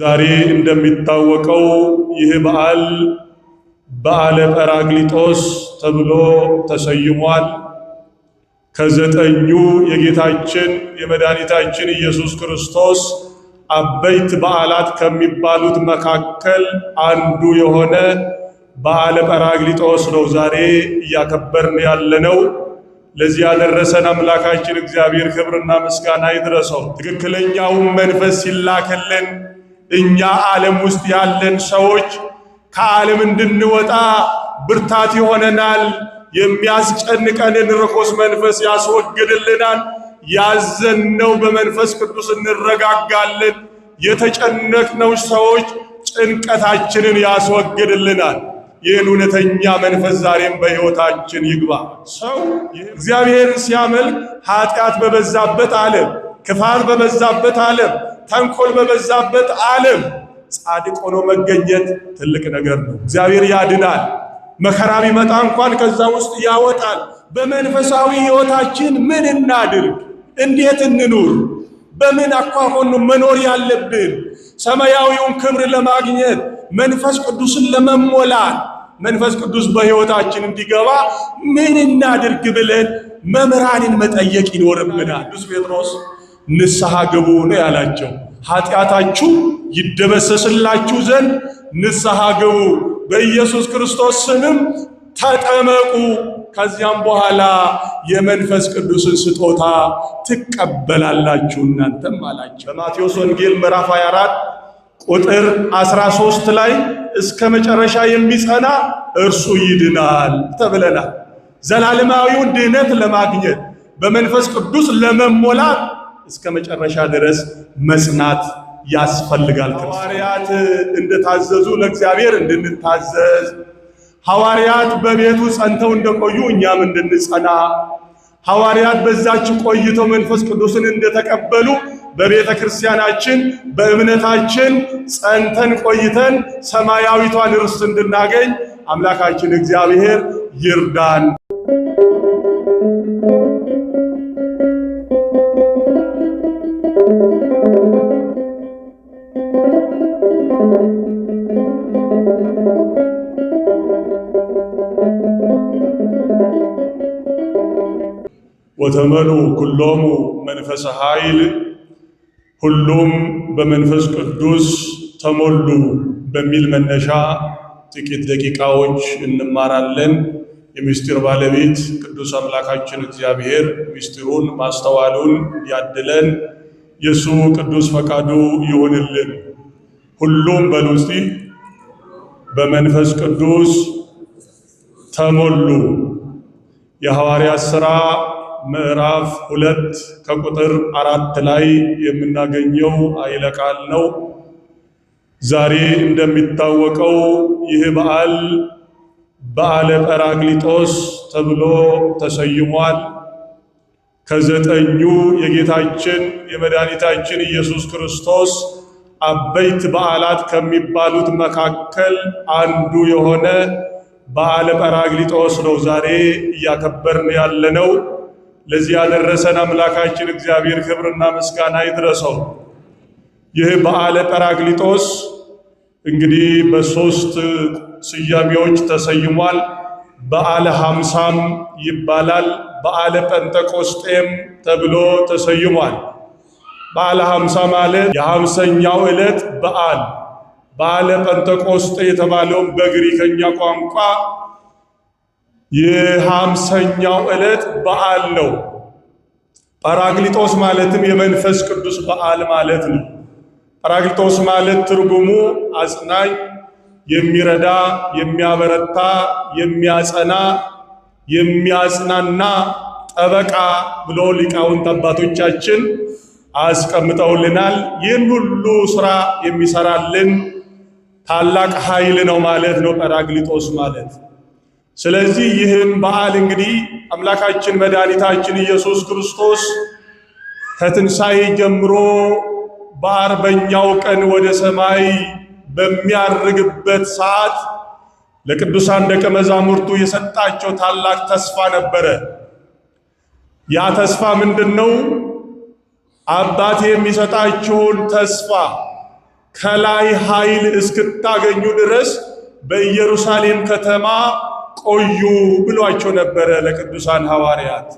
ዛሬ እንደሚታወቀው ይህ በዓል በዓለ ጰራቅሊጦስ ተብሎ ተሰይሟል። ከዘጠኙ የጌታችን የመድኃኒታችን ኢየሱስ ክርስቶስ አበይት በዓላት ከሚባሉት መካከል አንዱ የሆነ በዓለ ጰራቅሊጦስ ነው ዛሬ እያከበርን ያለነው። ለዚህ ያደረሰን አምላካችን እግዚአብሔር ክብርና ምስጋና ይድረሰው። ትክክለኛውን መንፈስ ሲላክልን እኛ ዓለም ውስጥ ያለን ሰዎች ከዓለም እንድንወጣ ብርታት ይሆነናል። የሚያስጨንቀንን ርኩስ መንፈስ ያስወግድልናል። ያዘንነው በመንፈስ ቅዱስ እንረጋጋለን። የተጨነቅነው ሰዎች ጭንቀታችንን ያስወግድልናል። ይህን እውነተኛ መንፈስ ዛሬም በሕይወታችን ይግባ። ሰው እግዚአብሔርን ሲያመልክ ኃጢአት በበዛበት ዓለም ክፋት በበዛበት ዓለም፣ ተንኮል በበዛበት ዓለም ጻድቅ ሆኖ መገኘት ትልቅ ነገር ነው። እግዚአብሔር ያድናል። መከራ ቢመጣ እንኳን ከዛ ውስጥ ያወጣል። በመንፈሳዊ ሕይወታችን ምን እናድርግ? እንዴት እንኑር? በምን አኳሆኑ መኖር ያለብን? ሰማያዊውን ክብር ለማግኘት መንፈስ ቅዱስን ለመሞላት መንፈስ ቅዱስ በሕይወታችን እንዲገባ ምን እናድርግ ብለን መምህራንን መጠየቅ ይኖርብናል። ቅዱስ ጴጥሮስ ንስሐ ግቡ ነው ያላቸው። ኃጢአታችሁ ይደመሰስላችሁ ዘንድ ንስሐ ግቡ፣ በኢየሱስ ክርስቶስ ስምም ተጠመቁ። ከዚያም በኋላ የመንፈስ ቅዱስን ስጦታ ትቀበላላችሁ እናንተም አላቸው። በማቴዎስ ወንጌል ምዕራፍ 24 ቁጥር 13 ላይ እስከ መጨረሻ የሚጸና እርሱ ይድናል ተብለናል። ዘላለማዊውን ድህነት ለማግኘት በመንፈስ ቅዱስ ለመሞላት እስከ መጨረሻ ድረስ መጽናት ያስፈልጋል። ሐዋርያት እንደታዘዙ ለእግዚአብሔር እንድንታዘዝ፣ ሐዋርያት በቤቱ ጸንተው እንደቆዩ እኛም እንድንጸና፣ ሐዋርያት በዛች ቆይተው መንፈስ ቅዱስን እንደተቀበሉ በቤተ ክርስቲያናችን በእምነታችን ጸንተን ቆይተን ሰማያዊቷን ርስት እንድናገኝ አምላካችን እግዚአብሔር ይርዳን። ወተመሉ ኩሎሙ መንፈሰ ኃይል ሁሉም በመንፈስ ቅዱስ ተሞሉ በሚል መነሻ ጥቂት ደቂቃዎች እንማራለን። የምስጢር ባለቤት ቅዱስ አምላካችን እግዚአብሔር ምስጢሩን ማስተዋሉን ያድለን። የእሱ ቅዱስ ፈቃዱ ይሆንልን ሁሉም በሉስቲ በመንፈስ ቅዱስ ተሞሉ። የሐዋርያት ሥራ ምዕራፍ ሁለት ከቁጥር አራት ላይ የምናገኘው ኃይለ ቃል ነው። ዛሬ እንደሚታወቀው ይህ በዓል በዓለ ጰራቅሊጦስ ተብሎ ተሰይሟል። ከዘጠኙ የጌታችን የመድኃኒታችን ኢየሱስ ክርስቶስ አበይት በዓላት ከሚባሉት መካከል አንዱ የሆነ በዓለ ጰራቅሊጦስ ነው ዛሬ እያከበርን ያለነው። ለዚህ ያደረሰን አምላካችን እግዚአብሔር ክብርና ምስጋና ይድረሰው። ይህ በዓለ ጰራቅሊጦስ እንግዲህ በሶስት ስያሜዎች ተሰይሟል። በዓለ ሃምሳም ይባላል። በዓለ ጴንጠቆስጤም ተብሎ ተሰይሟል። በዓለ ሃምሳ ማለት የሐምሰኛው ዕለት በዓል በዓለ ጴንጠቆስጤ የተባለውን በግሪከኛ ቋንቋ የሐምሰኛው ዕለት በዓል ነው። ጳራክሊጦስ ማለትም የመንፈስ ቅዱስ በዓል ማለት ነው። ጳራክሊጦስ ማለት ትርጉሙ አጽናኝ፣ የሚረዳ፣ የሚያበረታ፣ የሚያጸና፣ የሚያጽናና ጠበቃ ብሎ ሊቃውንት አባቶቻችን አስቀምጠውልናል። ይህን ሁሉ ስራ የሚሰራልን ታላቅ ኃይል ነው ማለት ነው ጰራቅሊጦስ ማለት። ስለዚህ ይህን በዓል እንግዲህ አምላካችን መድኃኒታችን ኢየሱስ ክርስቶስ ከትንሣኤ ጀምሮ በአርበኛው ቀን ወደ ሰማይ በሚያርግበት ሰዓት ለቅዱሳን ደቀ መዛሙርቱ የሰጣቸው ታላቅ ተስፋ ነበረ። ያ ተስፋ ምንድን ነው? አባት የሚሰጣችሁን ተስፋ ከላይ ኃይል እስክታገኙ ድረስ በኢየሩሳሌም ከተማ ቆዩ ብሏቸው ነበረ። ለቅዱሳን ሐዋርያት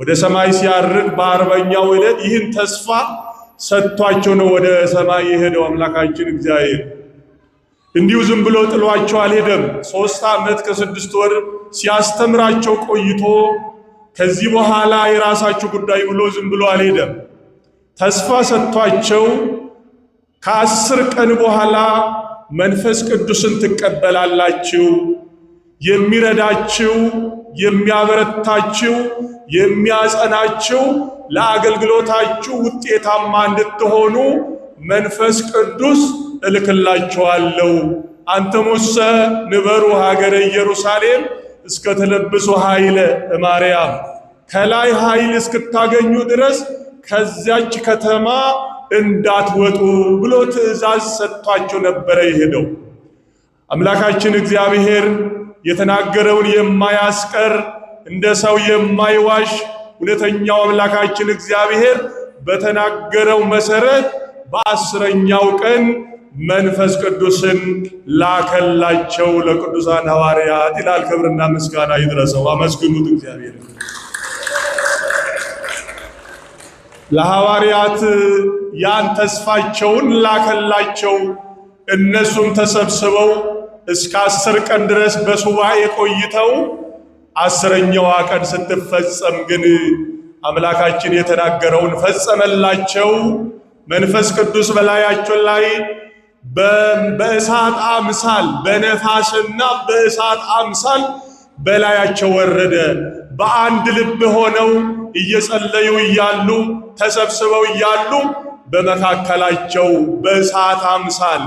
ወደ ሰማይ ሲያርግ በአርበኛው ዕለት ይህን ተስፋ ሰጥቷቸው ነው ወደ ሰማይ የሄደው አምላካችን እግዚአብሔር። እንዲሁ ዝም ብሎ ጥሏቸው አልሄደም። ሶስት ዓመት ከስድስት ወር ሲያስተምራቸው ቆይቶ ከዚህ በኋላ የራሳችሁ ጉዳይ ብሎ ዝም ብሎ አልሄደም። ተስፋ ሰጥቷቸው ከአስር ቀን በኋላ መንፈስ ቅዱስን ትቀበላላችሁ፣ የሚረዳችሁ፣ የሚያበረታችሁ፣ የሚያጸናችሁ፣ ለአገልግሎታችሁ ውጤታማ እንድትሆኑ መንፈስ ቅዱስ እልክላችኋለሁ። አንተሙሰ ንበሩ ሀገረ ኢየሩሳሌም እስከ ተለብሶ ኃይለ እማርያም ከላይ ኃይል እስክታገኙ ድረስ ከዚያች ከተማ እንዳትወጡ ብሎ ትእዛዝ ሰጥቷቸው ነበረ የሄደው። አምላካችን እግዚአብሔር የተናገረውን የማያስቀር እንደ ሰው የማይዋሽ እውነተኛው አምላካችን እግዚአብሔር በተናገረው መሰረት በአስረኛው ቀን መንፈስ ቅዱስን ላከላቸው ለቅዱሳን ሐዋርያት ይላል። ክብርና ምስጋና ይድረሰው። አመስግኑት እግዚአብሔር ለሐዋርያት ያን ተስፋቸውን ላከላቸው። እነሱም ተሰብስበው እስከ አስር ቀን ድረስ በሱባኤ ቆይተው አስረኛዋ ቀን ስትፈጸም ግን አምላካችን የተናገረውን ፈጸመላቸው። መንፈስ ቅዱስ በላያቸው ላይ በእሳት አምሳል በነፋስና በእሳት አምሳል በላያቸው ወረደ። በአንድ ልብ ሆነው እየጸለዩ እያሉ ተሰብስበው እያሉ በመካከላቸው በእሳት አምሳል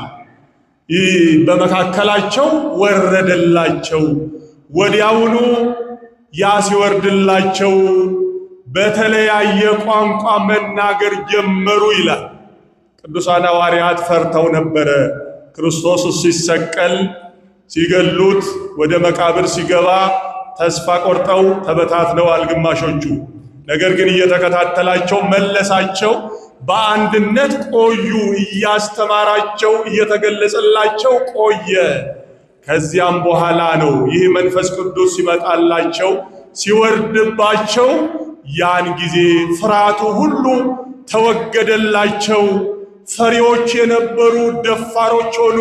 በመካከላቸው ወረደላቸው። ወዲያውኑ ያ ሲወርድላቸው በተለያየ ቋንቋ መናገር ጀመሩ ይላል። ቅዱሳን ሐዋርያት ፈርተው ነበረ። ክርስቶስ ሲሰቀል ሲገሉት፣ ወደ መቃብር ሲገባ ተስፋ ቆርጠው ተበታትነዋል ግማሾቹ። ነገር ግን እየተከታተላቸው መለሳቸው። በአንድነት ቆዩ። እያስተማራቸው እየተገለጸላቸው ቆየ። ከዚያም በኋላ ነው ይህ መንፈስ ቅዱስ ሲመጣላቸው ሲወርድባቸው፣ ያን ጊዜ ፍርሃቱ ሁሉ ተወገደላቸው። ፈሪዎች የነበሩ ደፋሮች ሆኑ።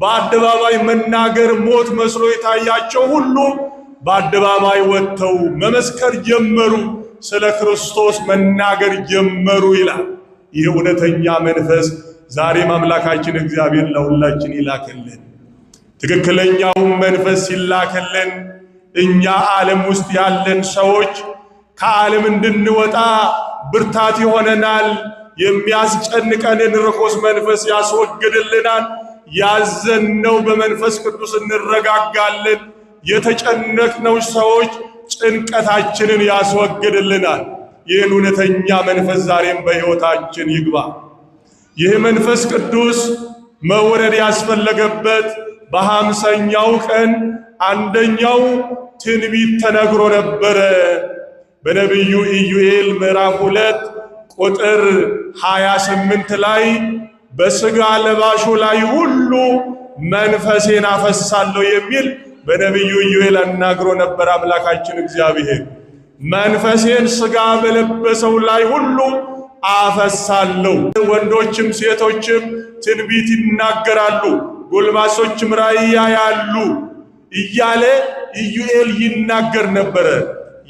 በአደባባይ መናገር ሞት መስሎ የታያቸው ሁሉ በአደባባይ ወጥተው መመስከር ጀመሩ። ስለ ክርስቶስ መናገር ጀመሩ ይላል። ይህ እውነተኛ መንፈስ ዛሬም አምላካችን እግዚአብሔር ለሁላችን ይላክልን። ትክክለኛውን መንፈስ ሲላክልን እኛ ዓለም ውስጥ ያለን ሰዎች ከዓለም እንድንወጣ ብርታት ይሆነናል። የሚያስጨንቀንን ርኩስ መንፈስ ያስወግድልናል። ያዘንነው በመንፈስ ቅዱስ እንረጋጋለን። የተጨነቅነው ሰዎች ጭንቀታችንን ያስወግድልናል። ይህን እውነተኛ መንፈስ ዛሬም በሕይወታችን ይግባ። ይህ መንፈስ ቅዱስ መውረድ ያስፈለገበት በሃምሳኛው ቀን አንደኛው ትንቢት ተነግሮ ነበረ። በነቢዩ ኢዩኤል ምዕራፍ ሁለት ቁጥር 28 ላይ በሥጋ ለባሹ ላይ ሁሉ መንፈሴን አፈሳለሁ የሚል በነቢዩ ኢዩኤል አናግሮ ነበር አምላካችን እግዚአብሔር መንፈሴን ሥጋ በለበሰው ላይ ሁሉ አፈሳለሁ። ወንዶችም ሴቶችም ትንቢት ይናገራሉ፣ ጎልማሶችም ራእይ ያሉ እያለ ኢዩኤል ይናገር ነበረ።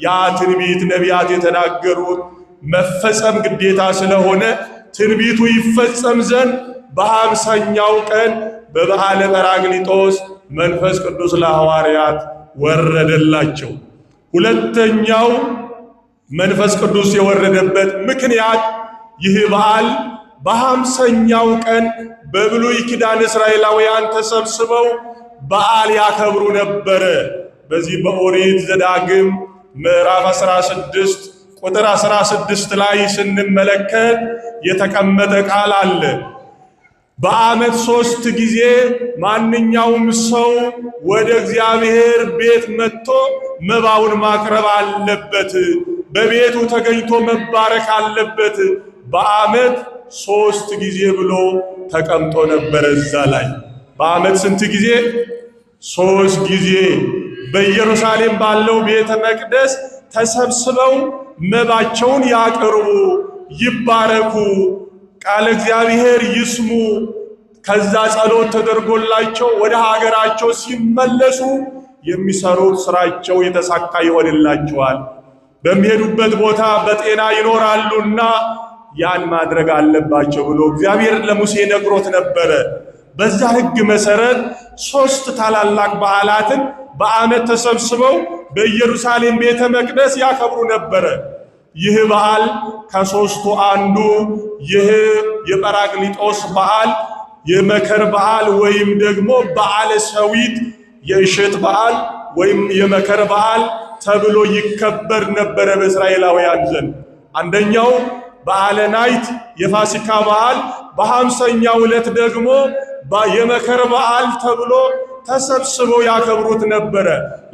ያ ትንቢት ነቢያት የተናገሩት መፈጸም ግዴታ ስለሆነ ትንቢቱ ይፈጸም ዘንድ በሀምሳኛው ቀን በበዓለ ጰራቅሊጦስ መንፈስ ቅዱስ ለሐዋርያት ወረደላቸው። ሁለተኛው መንፈስ ቅዱስ የወረደበት ምክንያት ይህ በዓል በሀምሳኛው ቀን በብሉይ ኪዳን እስራኤላውያን ተሰብስበው በዓል ያከብሩ ነበረ። በዚህ በኦሪት ዘዳግም ምዕራፍ 16 ቁጥር 16 ላይ ስንመለከት የተቀመጠ ቃል አለ። በዓመት ሶስት ጊዜ ማንኛውም ሰው ወደ እግዚአብሔር ቤት መጥቶ መባውን ማቅረብ አለበት። በቤቱ ተገኝቶ መባረክ አለበት። በዓመት ሶስት ጊዜ ብሎ ተቀምጦ ነበረ። እዛ ላይ በዓመት ስንት ጊዜ? ሶስት ጊዜ በኢየሩሳሌም ባለው ቤተ መቅደስ ተሰብስበው መባቸውን ያቅርቡ፣ ይባረኩ ቃለ እግዚአብሔር ይስሙ። ከዛ ጸሎት ተደርጎላቸው ወደ ሀገራቸው ሲመለሱ የሚሰሩት ስራቸው የተሳካ ይሆንላቸዋል። በሚሄዱበት ቦታ በጤና ይኖራሉና ያን ማድረግ አለባቸው ብሎ እግዚአብሔር ለሙሴ ነግሮት ነበረ። በዛ ሕግ መሰረት ሶስት ታላላቅ በዓላትን በዓመት ተሰብስበው በኢየሩሳሌም ቤተ መቅደስ ያከብሩ ነበረ። ይህ በዓል ከሶስቱ አንዱ ይህ የጰራቅሊጦስ በዓል የመከር በዓል ወይም ደግሞ በዓለ ሰዊት የእሸት በዓል ወይም የመከር በዓል ተብሎ ይከበር ነበረ በእስራኤላውያን ዘንድ። አንደኛው በዓለ ናይት የፋሲካ በዓል፣ በሃምሳኛው ዕለት ደግሞ የመከር በዓል ተብሎ ተሰብስበው ያከብሩት ነበረ።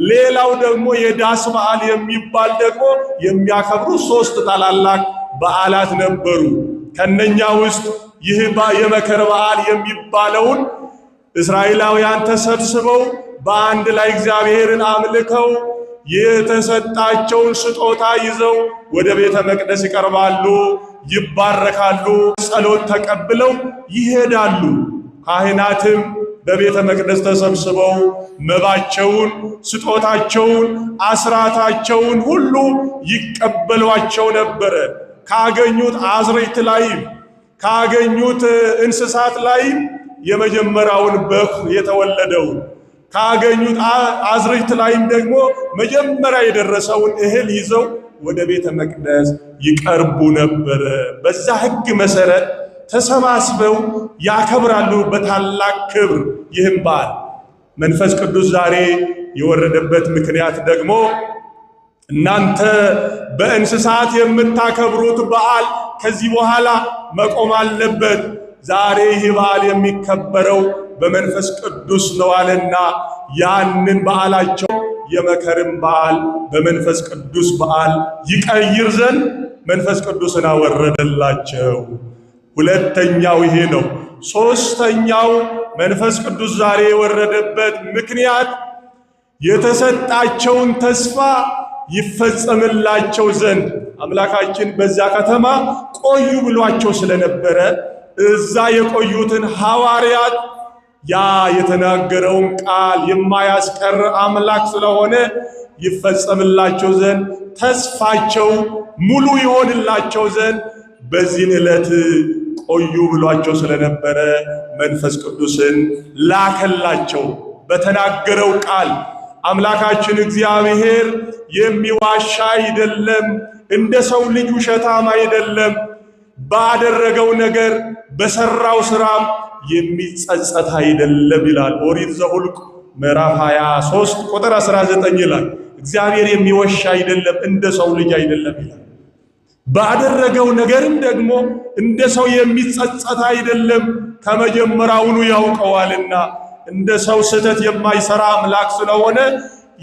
ሌላው ደግሞ የዳስ በዓል የሚባል ደግሞ የሚያከብሩ ሶስት ታላላቅ በዓላት ነበሩ። ከነኛ ውስጥ ይህ የመከር በዓል የሚባለውን እስራኤላውያን ተሰብስበው በአንድ ላይ እግዚአብሔርን አምልከው የተሰጣቸውን ስጦታ ይዘው ወደ ቤተ መቅደስ ይቀርባሉ፣ ይባረካሉ፣ ጸሎት ተቀብለው ይሄዳሉ። ካህናትም በቤተ መቅደስ ተሰብስበው መባቸውን፣ ስጦታቸውን፣ አስራታቸውን ሁሉ ይቀበሏቸው ነበረ። ካገኙት አዝርዕት ላይም ካገኙት እንስሳት ላይም የመጀመሪያውን በኩር የተወለደውን ካገኙት አዝርዕት ላይም ደግሞ መጀመሪያ የደረሰውን እህል ይዘው ወደ ቤተ መቅደስ ይቀርቡ ነበረ። በዛ ሕግ መሰረት ተሰባስበው ያከብራሉ በታላቅ ክብር። ይህም በዓል መንፈስ ቅዱስ ዛሬ የወረደበት ምክንያት ደግሞ እናንተ በእንስሳት የምታከብሩት በዓል ከዚህ በኋላ መቆም አለበት። ዛሬ ይህ በዓል የሚከበረው በመንፈስ ቅዱስ ነው አለና ያንን በዓላቸው የመከርም በዓል በመንፈስ ቅዱስ በዓል ይቀይር ዘንድ መንፈስ ቅዱስን አወረደላቸው። ሁለተኛው ይሄ ነው። ሶስተኛው መንፈስ ቅዱስ ዛሬ የወረደበት ምክንያት የተሰጣቸውን ተስፋ ይፈጸምላቸው ዘንድ አምላካችን በዛ ከተማ ቆዩ ብሏቸው ስለነበረ እዛ የቆዩትን ሐዋርያት ያ የተናገረውን ቃል የማያስቀር አምላክ ስለሆነ ይፈጸምላቸው ዘንድ ተስፋቸው ሙሉ ይሆንላቸው ዘንድ በዚህን ዕለት ቆዩ ብሏቸው ስለነበረ መንፈስ ቅዱስን ላከላቸው። በተናገረው ቃል አምላካችን እግዚአብሔር የሚዋሻ አይደለም፣ እንደ ሰው ልጅ ውሸታም አይደለም። ባደረገው ነገር በሰራው ስራም የሚጸጸት አይደለም ይላል ኦሪት ዘኍልቍ ምዕራፍ 23 ቁጥር 19 ይላል። እግዚአብሔር የሚወሻ አይደለም፣ እንደ ሰው ልጅ አይደለም ይላል። ባደረገው ነገርም ደግሞ እንደ ሰው የሚጸጸት አይደለም፣ ከመጀመሪያውኑ ያውቀዋልና እንደ ሰው ስህተት የማይሰራ አምላክ ስለሆነ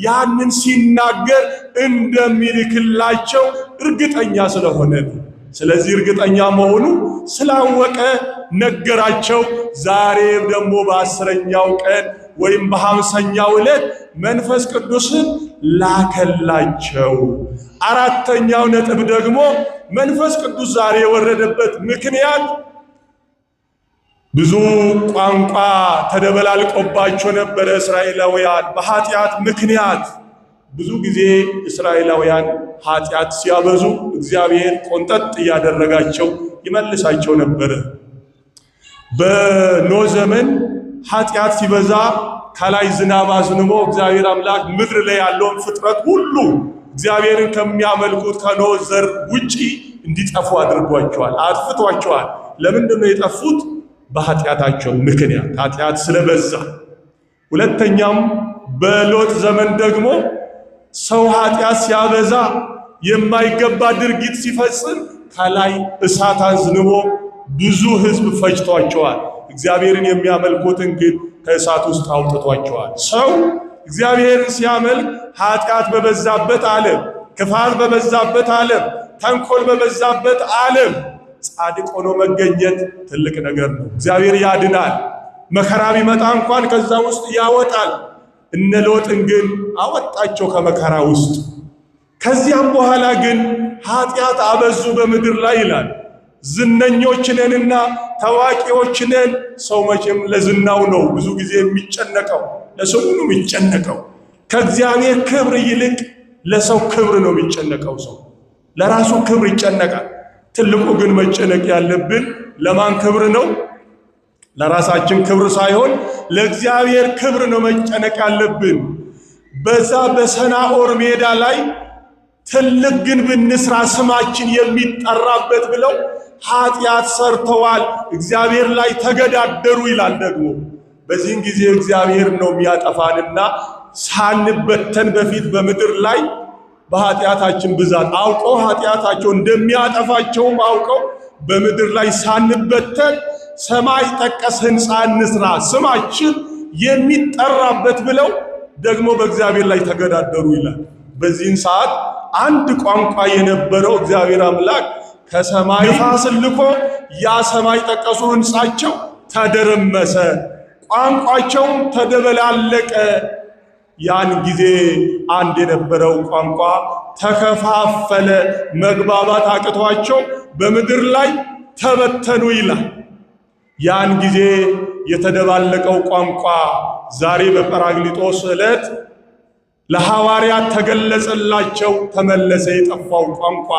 ያንን ሲናገር እንደሚልክላቸው እርግጠኛ ስለሆነ ነው። ስለዚህ እርግጠኛ መሆኑ ስላወቀ ነገራቸው። ዛሬ ደግሞ በአስረኛው ቀን ወይም በሃምሰኛው ዕለት መንፈስ ቅዱስን ላከላቸው። አራተኛው ነጥብ ደግሞ መንፈስ ቅዱስ ዛሬ የወረደበት ምክንያት ብዙ ቋንቋ ተደበላልቆባቸው ነበረ። እስራኤላውያን በኃጢአት ምክንያት ብዙ ጊዜ እስራኤላውያን ኃጢአት ሲያበዙ እግዚአብሔር ቆንጠጥ እያደረጋቸው ይመልሳቸው ነበረ። በኖ ዘመን ኃጢአት ሲበዛ ከላይ ዝናብ አዝንቦ እግዚአብሔር አምላክ ምድር ላይ ያለውን ፍጥረት ሁሉ እግዚአብሔርን ከሚያመልኩት ከኖህ ዘር ውጪ እንዲጠፉ አድርጓቸዋል፣ አጥፍቷቸዋል። ለምንድን ነው የጠፉት? በኃጢአታቸው ምክንያት ኃጢአት ስለበዛ። ሁለተኛም በሎጥ ዘመን ደግሞ ሰው ኃጢአት ሲያበዛ የማይገባ ድርጊት ሲፈጽም ከላይ እሳት አዝንቦ ብዙ ሕዝብ ፈጅቷቸዋል። እግዚአብሔርን የሚያመልኩትን ግን ከእሳት ውስጥ አውጥቷቸዋል። ሰው እግዚአብሔርን ሲያመልክ ኃጢአት በበዛበት ዓለም፣ ክፋት በበዛበት ዓለም፣ ተንኮል በበዛበት ዓለም ጻድቅ ሆኖ መገኘት ትልቅ ነገር ነው። እግዚአብሔር ያድናል። መከራ ቢመጣ እንኳን ከዛ ውስጥ ያወጣል። እነ ሎጥን ግን አወጣቸው ከመከራ ውስጥ። ከዚያም በኋላ ግን ኃጢአት አበዙ በምድር ላይ ይላል። ዝነኞች ነንና ታዋቂዎች ነን። ሰው መቼም ለዝናው ነው ብዙ ጊዜ የሚጨነቀው። ለሰው ሁሉ የሚጨነቀው ከእግዚአብሔር ክብር ይልቅ ለሰው ክብር ነው የሚጨነቀው። ሰው ለራሱ ክብር ይጨነቃል። ትልቁ ግን መጨነቅ ያለብን ለማን ክብር ነው? ለራሳችን ክብር ሳይሆን ለእግዚአብሔር ክብር ነው መጨነቅ ያለብን። በዛ በሰናኦር ሜዳ ላይ ትልቅ ግንብ እንስራ ስማችን የሚጠራበት ብለው ኃጢአት ሰርተዋል፣ እግዚአብሔር ላይ ተገዳደሩ ይላል ደግሞ በዚህን ጊዜ እግዚአብሔር ነው የሚያጠፋንና ሳንበተን በፊት በምድር ላይ በኃጢአታችን ብዛት አውቀው ኃጢአታቸው እንደሚያጠፋቸውም አውቀው በምድር ላይ ሳንበተን ሰማይ ጠቀስ ሕንፃ እንስራ ስማችን የሚጠራበት ብለው ደግሞ በእግዚአብሔር ላይ ተገዳደሩ ይላል። በዚህን ሰዓት አንድ ቋንቋ የነበረው እግዚአብሔር አምላክ ከሰማይ ንፋስን ያ ሰማይ ጠቀሱ ሕንፃቸው ተደረመሰ። ቋንቋቸው ተደበላለቀ። ያን ጊዜ አንድ የነበረው ቋንቋ ተከፋፈለ፣ መግባባት አቅቷቸው በምድር ላይ ተበተኑ ይላል። ያን ጊዜ የተደባለቀው ቋንቋ ዛሬ በጰራቅሊጦስ ዕለት ለሐዋርያት ተገለጸላቸው። ተመለሰ የጠፋው ቋንቋ።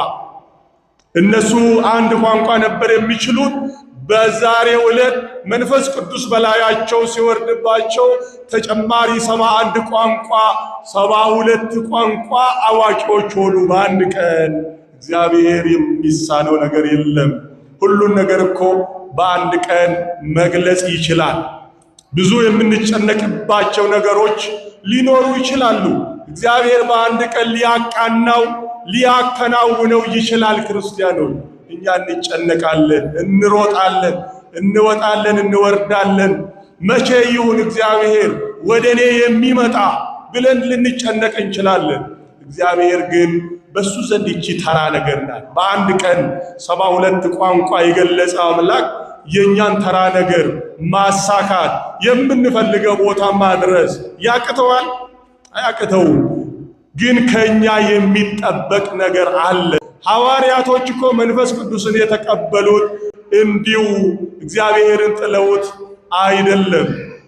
እነሱ አንድ ቋንቋ ነበር የሚችሉት። በዛሬ ዕለት መንፈስ ቅዱስ በላያቸው ሲወርድባቸው ተጨማሪ ሰባ አንድ ቋንቋ ሰባ ሁለት ቋንቋ አዋቂዎች ሆኑ። በአንድ ቀን እግዚአብሔር የሚሳነው ነገር የለም። ሁሉን ነገር እኮ በአንድ ቀን መግለጽ ይችላል። ብዙ የምንጨነቅባቸው ነገሮች ሊኖሩ ይችላሉ። እግዚአብሔር በአንድ ቀን ሊያቃናው ሊያከናውነው ይችላል። ክርስቲያኖች እኛ እንጨነቃለን፣ እንሮጣለን፣ እንወጣለን፣ እንወርዳለን። መቼ ይሁን እግዚአብሔር ወደ እኔ የሚመጣ ብለን ልንጨነቅ እንችላለን። እግዚአብሔር ግን በሱ ዘንድ ይቺ ተራ ነገር ናት። በአንድ ቀን ሰባ ሁለት ቋንቋ የገለጸ አምላክ የእኛን ተራ ነገር ማሳካት የምንፈልገው ቦታ ማድረስ ያቅተዋል? አያቅተውም። ግን ከእኛ የሚጠበቅ ነገር አለ። ሐዋርያቶች እኮ መንፈስ ቅዱስን የተቀበሉት እንዲሁ እግዚአብሔርን ጥለውት አይደለም።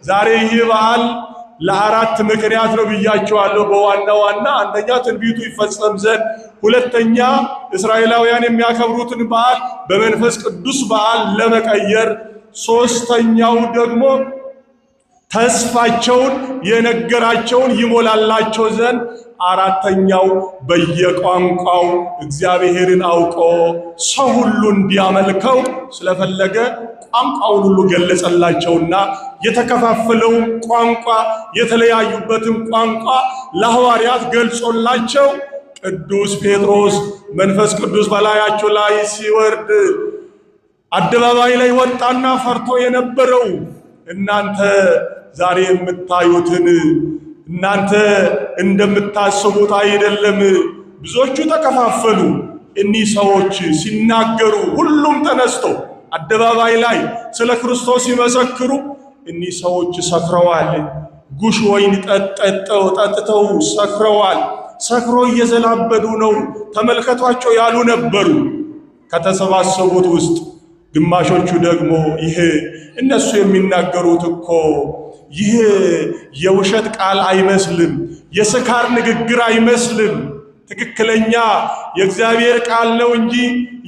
ዛሬ ይህ በዓል ለአራት ምክንያት ነው ብያቸዋለሁ። በዋና ዋና አንደኛ ትንቢቱ ይፈጸም ዘንድ፣ ሁለተኛ እስራኤላውያን የሚያከብሩትን በዓል በመንፈስ ቅዱስ በዓል ለመቀየር፣ ሶስተኛው ደግሞ ተስፋቸውን የነገራቸውን ይሞላላቸው ዘንድ አራተኛው በየቋንቋው እግዚአብሔርን አውቆ ሰው ሁሉ እንዲያመልከው ስለፈለገ ቋንቋውን ሁሉ ገለጸላቸውና የተከፋፈለውን ቋንቋ የተለያዩበትን ቋንቋ ለሐዋርያት ገልጾላቸው ቅዱስ ጴጥሮስ መንፈስ ቅዱስ በላያቸው ላይ ሲወርድ አደባባይ ላይ ወጣና ፈርቶ የነበረው እናንተ ዛሬ የምታዩትን እናንተ እንደምታስቡት አይደለም። ብዙዎቹ ተከፋፈሉ። እኒህ ሰዎች ሲናገሩ ሁሉም ተነስቶ አደባባይ ላይ ስለ ክርስቶስ ሲመሰክሩ፣ እኒህ ሰዎች ሰክረዋል። ጉሽ ወይን ጠጠጠው ጠጥተው ሰክረዋል። ሰክሮ እየዘላበዱ ነው። ተመልከቷቸው ያሉ ነበሩ ከተሰባሰቡት ውስጥ ግማሾቹ ደግሞ ይሄ እነሱ የሚናገሩት እኮ ይህ የውሸት ቃል አይመስልም፣ የስካር ንግግር አይመስልም፣ ትክክለኛ የእግዚአብሔር ቃል ነው እንጂ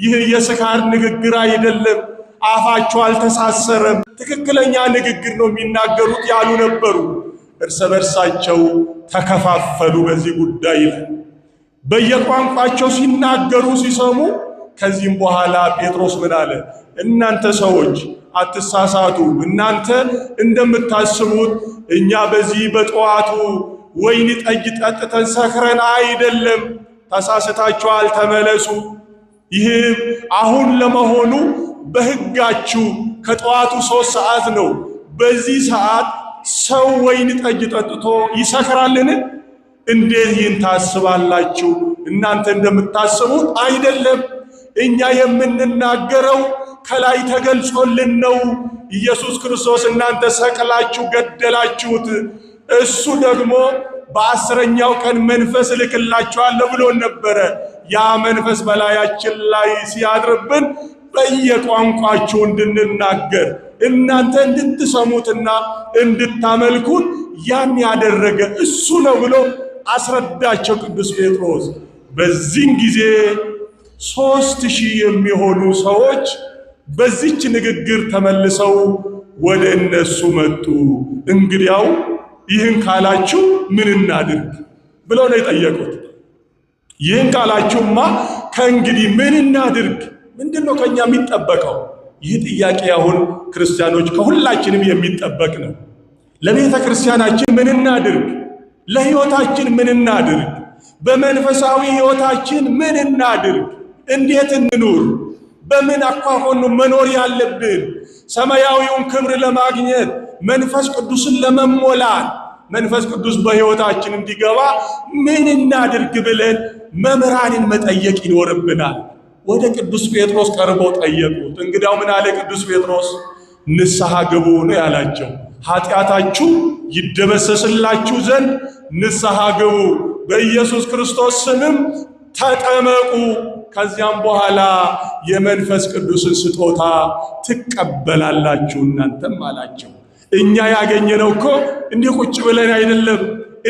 ይህ የስካር ንግግር አይደለም፣ አፋቸው አልተሳሰረም፣ ትክክለኛ ንግግር ነው የሚናገሩት ያሉ ነበሩ። እርስ በርሳቸው ተከፋፈሉ። በዚህ ጉዳይ ላይ በየቋንቋቸው ሲናገሩ ሲሰሙ ከዚህም በኋላ ጴጥሮስ ምን አለ? እናንተ ሰዎች አትሳሳቱ፣ እናንተ እንደምታስቡት እኛ በዚህ በጠዋቱ ወይን ጠጅ ጠጥተን ሰክረን አይደለም። ተሳስታችኋል፣ ተመለሱ። ይህም አሁን ለመሆኑ በሕጋችሁ ከጠዋቱ ሶስት ሰዓት ነው። በዚህ ሰዓት ሰው ወይን ጠጅ ጠጥቶ ይሰክራልን? እንዴት ይህን ታስባላችሁ? እናንተ እንደምታስቡት አይደለም። እኛ የምንናገረው ከላይ ተገልጾልን ነው። ኢየሱስ ክርስቶስ እናንተ ሰቅላችሁ ገደላችሁት፣ እሱ ደግሞ በአስረኛው ቀን መንፈስ እልክላችኋለሁ ብሎን ነበረ። ያ መንፈስ በላያችን ላይ ሲያድርብን በየቋንቋችሁ እንድንናገር እናንተ እንድትሰሙትና እንድታመልኩን ያን ያደረገ እሱ ነው ብሎ አስረዳቸው ቅዱስ ጴጥሮስ። በዚህን ጊዜ ሦስት ሺህ የሚሆኑ ሰዎች በዚች ንግግር ተመልሰው ወደ እነሱ መጡ። እንግዲያው ይህን ካላችሁ ምን እናድርግ ብለው ነው የጠየቁት። ይህን ካላችሁማ ከእንግዲህ ምን እናድርግ? ምንድን ነው ከእኛ የሚጠበቀው? ይህ ጥያቄ አሁን ክርስቲያኖች ከሁላችንም የሚጠበቅ ነው። ለቤተ ክርስቲያናችን ምን እናድርግ? ለሕይወታችን ምን እናድርግ? በመንፈሳዊ ሕይወታችን ምን እናድርግ? እንዴት እንኑር? በምን አኳኋን መኖር ያለብን? ሰማያዊውን ክብር ለማግኘት መንፈስ ቅዱስን ለመሞላት መንፈስ ቅዱስ በሕይወታችን እንዲገባ ምን እናድርግ ብለን መምህራንን መጠየቅ ይኖርብናል። ወደ ቅዱስ ጴጥሮስ ቀርበው ጠየቁት። እንግዳው ምን አለ ቅዱስ ጴጥሮስ? ንስሐ ግቡ ነው ያላቸው። ኃጢአታችሁ ይደመሰስላችሁ ዘንድ ንስሐ ግቡ፣ በኢየሱስ ክርስቶስ ስምም ተጠመቁ ከዚያም በኋላ የመንፈስ ቅዱስን ስጦታ ትቀበላላችሁ እናንተም አላቸው። እኛ ያገኘነው እኮ እንዲህ ቁጭ ብለን አይደለም፣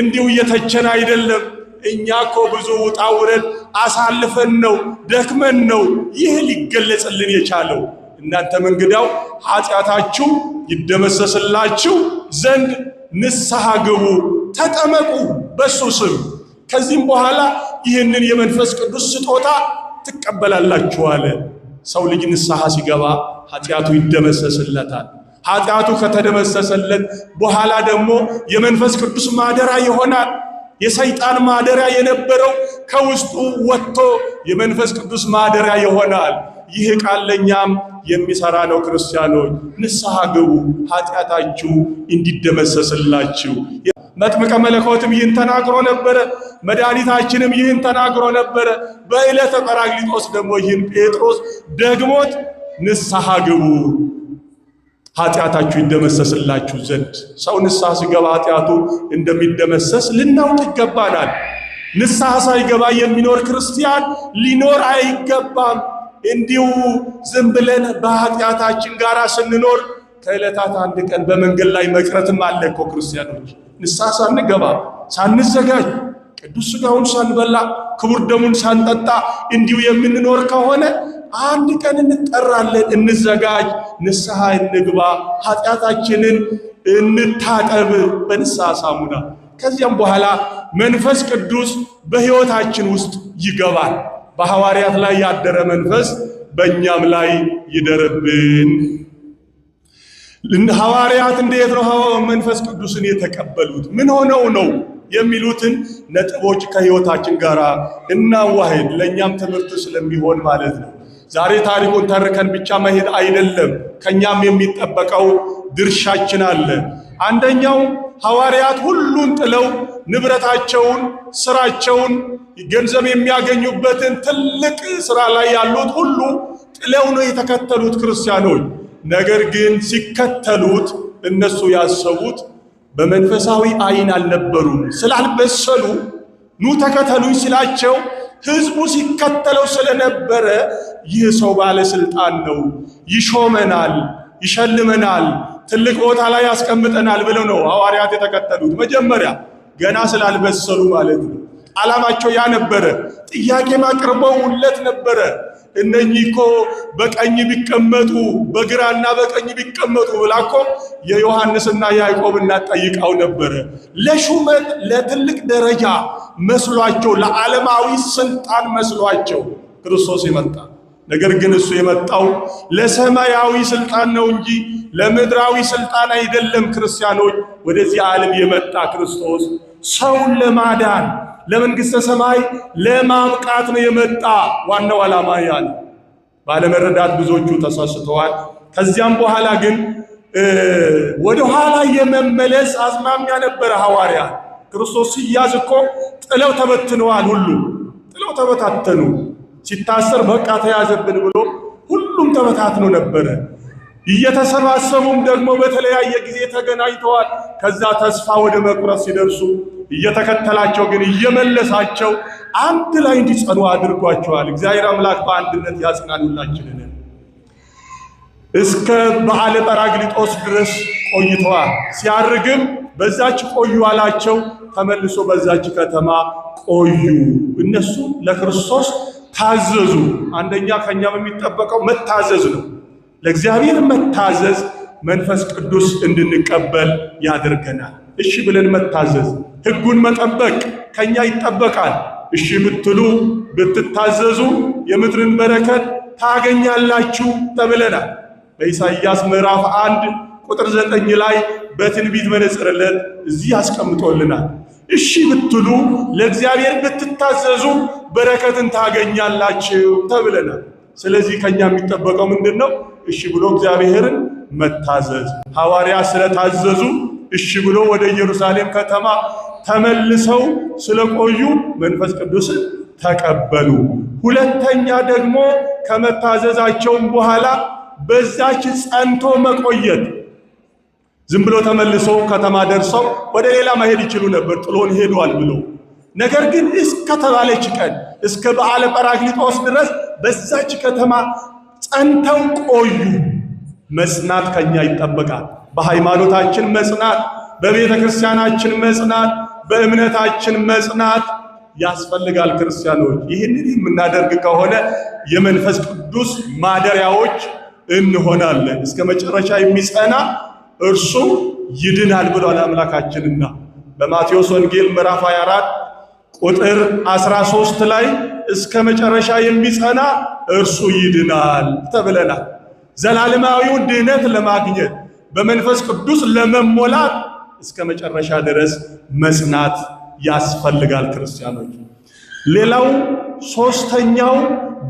እንዲሁ እየተቸን አይደለም። እኛ እኮ ብዙ ውጣ ውረድ አሳልፈን ነው፣ ደክመን ነው ይህ ሊገለጽልን የቻለው። እናንተም እንግዳው ኃጢአታችሁ ይደመሰስላችሁ ዘንድ ንስሐ ግቡ፣ ተጠመቁ በሱ ስም። ከዚህም በኋላ ይህንን የመንፈስ ቅዱስ ስጦታ ትቀበላላችሁ አለ። ሰው ልጅ ንስሐ ሲገባ ኃጢአቱ ይደመሰስለታል። ኃጢአቱ ከተደመሰሰለት በኋላ ደግሞ የመንፈስ ቅዱስ ማደሪያ ይሆናል። የሰይጣን ማደሪያ የነበረው ከውስጡ ወጥቶ የመንፈስ ቅዱስ ማደሪያ ይሆናል። ይህ ቃል ለእኛም የሚሰራ ነው። ክርስቲያኖች ንስሐ ግቡ፣ ኃጢአታችሁ እንዲደመሰስላችሁ መጥምቀ መለኮትም ይህን ተናግሮ ነበረ። መድኃኒታችንም ይህን ተናግሮ ነበረ። በዕለተ ጰራቅሊጦስ ደግሞ ይህን ጴጥሮስ ደግሞት ንስሐ ግቡ ኃጢአታችሁ ይደመሰስላችሁ ዘንድ። ሰው ንስሐ ሲገባ ኃጢአቱ እንደሚደመሰስ ልናውቅ ይገባናል። ንስሐ ሳይገባ የሚኖር ክርስቲያን ሊኖር አይገባም። እንዲሁ ዝም ብለን በኃጢአታችን ጋር ስንኖር ከዕለታት አንድ ቀን በመንገድ ላይ መቅረትም አለ እኮ ክርስቲያኖች ንስሐ ሳንገባ ሳንዘጋጅ ቅዱስ ስጋውን ሳንበላ ክቡር ደሙን ሳንጠጣ እንዲሁ የምንኖር ከሆነ አንድ ቀን እንጠራለን። እንዘጋጅ፣ ንስሐ እንግባ፣ ኃጢአታችንን እንታጠብ በንስሐ ሳሙና። ከዚያም በኋላ መንፈስ ቅዱስ በሕይወታችን ውስጥ ይገባል። በሐዋርያት ላይ ያደረ መንፈስ በእኛም ላይ ይደርብን። ሐዋርያት እንዴት ነው መንፈስ ቅዱስን የተቀበሉት? ምን ሆነው ነው የሚሉትን ነጥቦች ከህይወታችን ጋር እናዋሄድ፣ ለእኛም ትምህርት ስለሚሆን ማለት ነው። ዛሬ ታሪኩን ተርከን ብቻ መሄድ አይደለም፣ ከእኛም የሚጠበቀው ድርሻችን አለ። አንደኛው ሐዋርያት ሁሉን ጥለው ንብረታቸውን፣ ስራቸውን፣ ገንዘብ የሚያገኙበትን ትልቅ ስራ ላይ ያሉት ሁሉ ጥለው ነው የተከተሉት ክርስቲያኖች ነገር ግን ሲከተሉት እነሱ ያሰቡት በመንፈሳዊ አይን አልነበሩም። ስላልበሰሉ ኑ ተከተሉኝ ሲላቸው ህዝቡ ሲከተለው ስለነበረ ይህ ሰው ባለስልጣን ነው፣ ይሾመናል፣ ይሸልመናል፣ ትልቅ ቦታ ላይ ያስቀምጠናል ብለው ነው ሐዋርያት የተከተሉት። መጀመሪያ ገና ስላልበሰሉ ማለት ነው። ዓላማቸው ያ ነበረ። ጥያቄ ማቅርበውለት ነበረ። እነኚህ እኮ በቀኝ ቢቀመጡ በግራና በቀኝ ቢቀመጡ ብላ እኮ የዮሐንስና የያዕቆብ እናት ነበር ነበረ። ለሹመት ለትልቅ ደረጃ መስሏቸው፣ ለዓለማዊ ስልጣን መስሏቸው ክርስቶስ የመጣ ነገር ግን እሱ የመጣው ለሰማያዊ ስልጣን ነው እንጂ ለምድራዊ ስልጣን አይደለም። ክርስቲያኖች፣ ወደዚህ ዓለም የመጣ ክርስቶስ ሰውን ለማዳን ለመንግሥተ ሰማይ ለማብቃት ነው የመጣ ዋናው ዓላማ ያለ ባለመረዳት ብዙዎቹ ተሳስተዋል። ከዚያም በኋላ ግን ወደ ኋላ የመመለስ አዝማሚያ ነበረ። ሐዋርያ ክርስቶስ ሲያዝ እኮ ጥለው ተበትነዋል። ሁሉ ጥለው ተበታተኑ። ሲታሰር በቃ ተያዘብን ብሎ ሁሉም ተበታትኖ ነበረ። እየተሰባሰቡም ደግሞ በተለያየ ጊዜ ተገናኝተዋል። ከዛ ተስፋ ወደ መቁረጥ ሲደርሱ እየተከተላቸው ግን እየመለሳቸው አንድ ላይ እንዲጸኑ አድርጓቸዋል። እግዚአብሔር አምላክ በአንድነት ያጽናን እስከ በዓለ ጰራቅሊጦስ ድረስ ቆይተዋል። ሲያርግም በዛች ቆዩ አላቸው። ተመልሶ በዛች ከተማ ቆዩ። እነሱ ለክርስቶስ ታዘዙ። አንደኛ ከኛም የሚጠበቀው መታዘዝ ነው። ለእግዚአብሔር መታዘዝ መንፈስ ቅዱስ እንድንቀበል ያደርገናል። እሺ ብለን መታዘዝ፣ ህጉን መጠበቅ ከኛ ይጠበቃል። እሺ ብትሉ ብትታዘዙ የምድርን በረከት ታገኛላችሁ ተብለናል። በኢሳይያስ ምዕራፍ አንድ ቁጥር ዘጠኝ ላይ በትንቢት መነጽርለት እዚህ ያስቀምጦልናል። እሺ ብትሉ ለእግዚአብሔር ብትታዘዙ በረከትን ታገኛላችሁ ተብለናል። ስለዚህ ከኛ የሚጠበቀው ምንድን ነው? እሺ ብሎ እግዚአብሔርን መታዘዝ። ሐዋርያ ስለታዘዙ እሺ ብሎ ወደ ኢየሩሳሌም ከተማ ተመልሰው ስለቆዩ መንፈስ ቅዱስን ተቀበሉ። ሁለተኛ ደግሞ ከመታዘዛቸውም በኋላ በዛች ጸንቶ መቆየት ዝም ብሎ ተመልሶ ከተማ ደርሰው ወደ ሌላ መሄድ ይችሉ ነበር፣ ጥሎን ሄዷል ብሎ ነገር ግን እስከ ተባለች ቀን እስከ በዓለ ጰራቅሊጦስ ድረስ በዛች ከተማ ጸንተው ቆዩ። መጽናት ከኛ ይጠበቃል። በሃይማኖታችን መጽናት፣ በቤተ ክርስቲያናችን መጽናት፣ በእምነታችን መጽናት ያስፈልጋል። ክርስቲያኖች ይህንን የምናደርግ ከሆነ የመንፈስ ቅዱስ ማደሪያዎች እንሆናለን። እስከ መጨረሻ የሚጸና እርሱ ይድናል ብሏል አምላካችንና በማቴዎስ ወንጌል ምዕራፍ 24 ቁጥር 13 ላይ እስከ መጨረሻ የሚጸና እርሱ ይድናል ተብለናል። ዘላለማዊውን ድህነት ለማግኘት በመንፈስ ቅዱስ ለመሞላት እስከ መጨረሻ ድረስ መጽናት ያስፈልጋል ክርስቲያኖች። ሌላው ሶስተኛው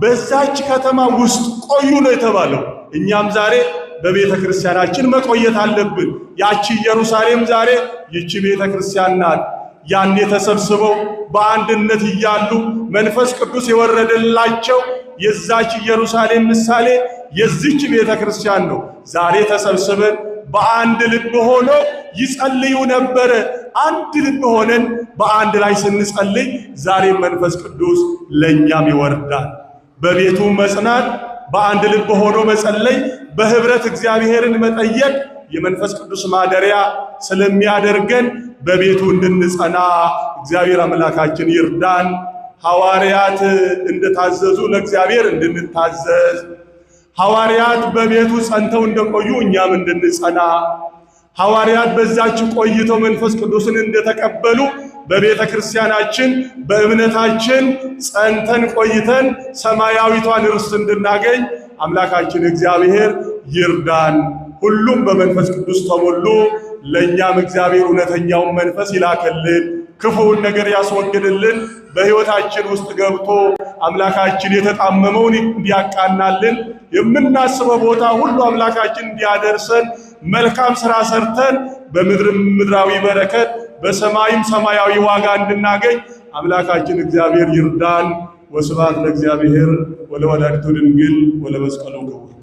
በዛች ከተማ ውስጥ ቆዩ ነው የተባለው። እኛም ዛሬ በቤተ ክርስቲያናችን መቆየት አለብን። ያቺ ኢየሩሳሌም ዛሬ ይቺ ቤተ ክርስቲያን ናት። ያኔ ተሰብስበው በአንድነት እያሉ መንፈስ ቅዱስ የወረደላቸው የዛች ኢየሩሳሌም ምሳሌ የዚች ቤተ ክርስቲያን ነው። ዛሬ ተሰብስበን በአንድ ልብ ሆኖ ይጸልዩ ነበረ። አንድ ልብ ሆነን በአንድ ላይ ስንጸልይ ዛሬ መንፈስ ቅዱስ ለእኛም ይወርዳል። በቤቱ መጽናት፣ በአንድ ልብ ሆኖ መጸለይ፣ በህብረት እግዚአብሔርን መጠየቅ የመንፈስ ቅዱስ ማደሪያ ስለሚያደርገን በቤቱ እንድንጸና እግዚአብሔር አምላካችን ይርዳን። ሐዋርያት እንደታዘዙ ለእግዚአብሔር እንድንታዘዝ፣ ሐዋርያት በቤቱ ጸንተው እንደቆዩ እኛም እንድንጸና፣ ሐዋርያት በዛች ቆይተው መንፈስ ቅዱስን እንደተቀበሉ በቤተ ክርስቲያናችን በእምነታችን ጸንተን ቆይተን ሰማያዊቷን ርስት እንድናገኝ አምላካችን እግዚአብሔር ይርዳን። ሁሉም በመንፈስ ቅዱስ ተሞሉ። ለእኛም እግዚአብሔር እውነተኛውን መንፈስ ይላክልን። ክፉውን ነገር ያስወግድልን። በሕይወታችን ውስጥ ገብቶ አምላካችን የተጣመመውን እንዲያቃናልን፣ የምናስበው ቦታ ሁሉ አምላካችን እንዲያደርሰን፣ መልካም ስራ ሰርተን በምድርም ምድራዊ በረከት በሰማይም ሰማያዊ ዋጋ እንድናገኝ አምላካችን እግዚአብሔር ይርዳን። ወስብሐት ለእግዚአብሔር ወለወላዲቱ ድንግል ወለመስቀሉ ክቡር